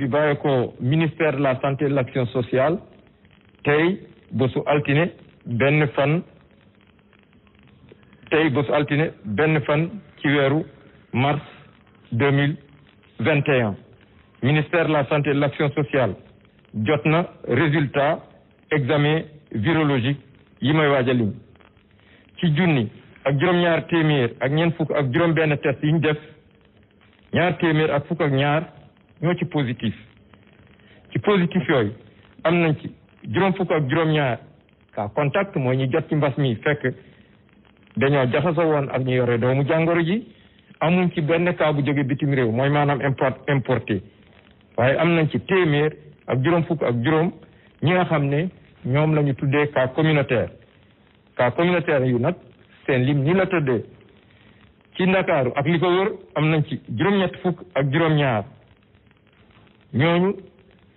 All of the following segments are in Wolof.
bi bàyyi ko ministère de la santé et de l'action sociale tey bésu altine benn fan tey bésu altine benn fan ci weeru mars mille vingt ministère de la santé et de l'action sociale jot na résultat examen virologique yi may waaj a lim ci junni ak juróom-ñaar téeméer ak ñeent fukk ak juróom-benn test yi def ñaar téeméer ak fukk ak ñaar ñoo ci positif ci positif yooyu am nañ ci juróom fukk ak juróom-ñaar cas contact mooy ñu jot ci mbas mi fekk dañoo jaxasoo woon ak ñu yore doomu jàngoro ji amuñ ci benn cas bu jóge bitim réew mooy maanaam import importé waaye am nañ ci téeméer ak juróom fukk ak juróom ñi nga xam ne ñoom la tuddee cas communautaire cas communautaire yu nag seen lim ni la tëddee ci ndakaaru ak li ko wër am nañ ci juróom-ñett fukk ak juróom-ñaar ñooñu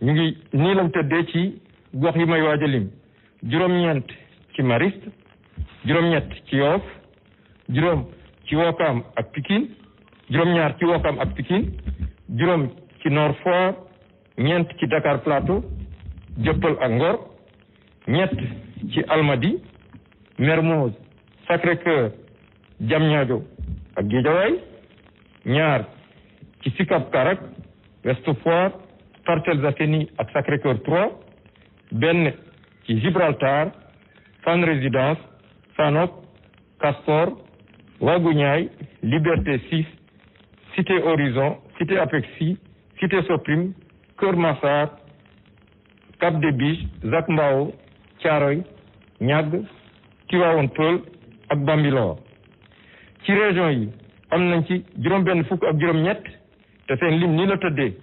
ñu ngi nii lañ tëddee ci gox yi may waaj a lim juróom-ñeent ci Mariste juróom-ñett ci Yoff juróom ci Wokam ak Pikine juróom ci Wokam ñeent ci Dakar Plateau Jëppal ak Ngor ñett ci Almadi Mermoz Sacré-Cœur Diamniadio ak Guédiawaye ñaar ci Sicap Karak Ouest Foire Parcelles Assainies ak Sacré-Cœur 3 benn ci Gibraltar Fann Résidence Fanop Castor Waguñaay Liberté 6 Cité Horizon Cité Apexi Cité Soprim Keur Massar Cap des Biches Zac Mbao Thiaroye Niague Tivaouane ak Bambilor ci région yi am nañ ci juróom-benn fukk ak juróom-ñett te seen lim nii la tëddee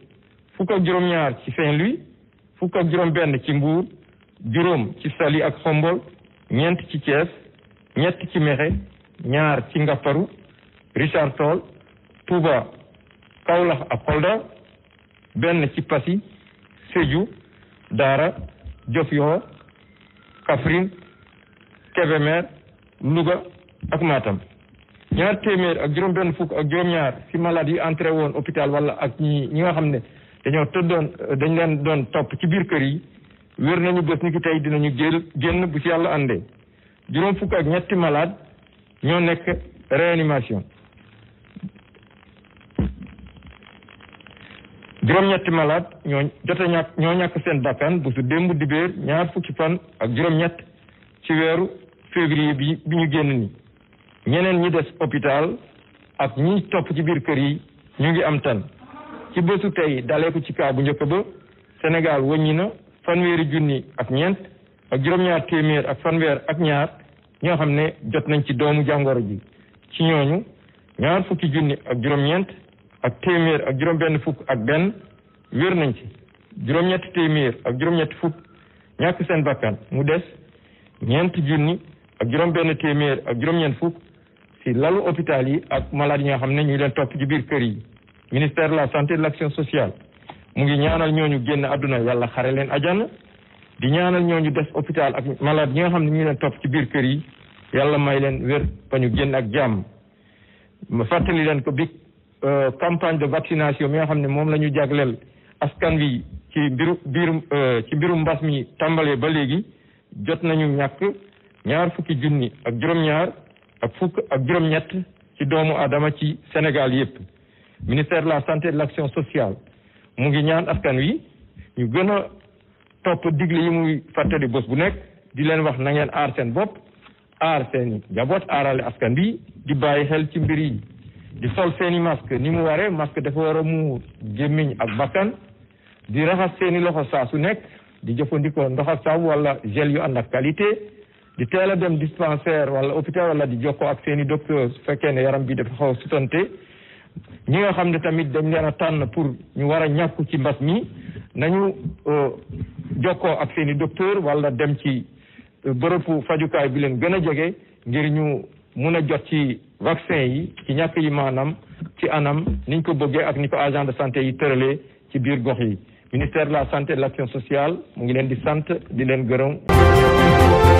fukk ak juróom-ñaar ci Saint-Louis ak juróom-benn ci Mbour juróom ci Saly ak Xombol ñeent ci Thiès ñett ci Mexe ñaar ci Ngaparou Richard Toll Touba Kaolack ak Kolda benn ci Passy Sédhiou Daara Diofior Kaffrine Kébémer Louga ak Matam ñaar téeméer ak juróom-benn fukk ak juróom-ñaar ci malade yi entré woon hôpital wala ak ñi ñi nga xam ne dañoo tëddoon dañ leen doon topp ci biir kër yi wér nañu bés ni ki tey dinañu jël génn bu ci yàlla ande juróom fukk ak ñetti malade ñoo nekk réanimation juróom-ñetti malade ñoo jot a ñàkk ñoo ñàkk seen bakkan bu su démb dibéer ñaar fukki fan ak juróom-ñett ci weeru février bi ñu génn ni ñeneen ñi des hôpital ak ñi topp ci biir kër yi ñu ngi am tan ci bésu tey dalee ci kaa bu njëkk ba Sénégal wëññi na fanweeri junni ak ñeent ak juróom-ñaar téeméer ak fanweer ak ñaar ñoo xam ne jot nañ ci doomu jàngoro ji ci ñooñu ñaar fukki junni ak juróom-ñeent ak téeméer ak juróom-benn fukk ak benn wér nañ ci juróom-ñetti téeméer ak juróom-ñetti fukk ñàkk seen bakkan mu des ñeent junni ak juróom-benn téeméer ak juróom-ñeent fukk ci lalu hôpital yi ak malade yi nga xam ne ñu leen topp ci biir kër yi ministère de la santé et de l'action sociale mu ngi ñaanal ñooñu génn àdduna yàlla xare leen ajana di ñaanal ñoo ñu des hôpital ak malade yi nga xam ne ñu leen topp ci biir kër yi yàlla may leen wér ba ñu génn ak jàmm fàttali leen ko bi euh, campagne de vaccination mi nga xam ne moom la ñu jagleel askan wi ci mbiru biirum euh, ci mbirum mbas mi tàmbalee ba léegi jot nañu ñàkk ñaar fukki junni ak juróom-ñaar ak fukk ak juróom-ñett ci doomu aadama ci Sénégal yëpp ministère de la santé et de l'action sociale mu ngi ñaan askan wi ñu gën a topp digle yi muy fàttali bés bu nekk di leen wax na ngeen aar seen bopp aar seen njaboot aarale askan bi di bàyyi xel ci mbir yi di sol seen i ni mu waree masque dafa war a muur gémmiñ ak bakkan di raxas seen loxo saa su nekk di jëfandikoo ndox ak saabu wala gel yu ànd ak qualité di teel a dem dispensaire wala hôpital wala di jokkoo ak seeni i docteur su fekkee ne yaram bi dafa xaw a ñi nga xam ne tamit dañ leen a tànn pour ñu war a ñàkku ci mbas mi nañu euh, jokkoo ak seen i docteur wala dem ci euh, bërëbu fajukaay bi leen gën a jege ngir ñu mun a jot ci vaccin yi ci ñàkk yi maanaam ci anam niñ ko bëggee ak ni ko agent de santé yi tëralee ci biir gox yi ministère de la santé et de l'action sociale mu ngi leen di sant di leen gërëm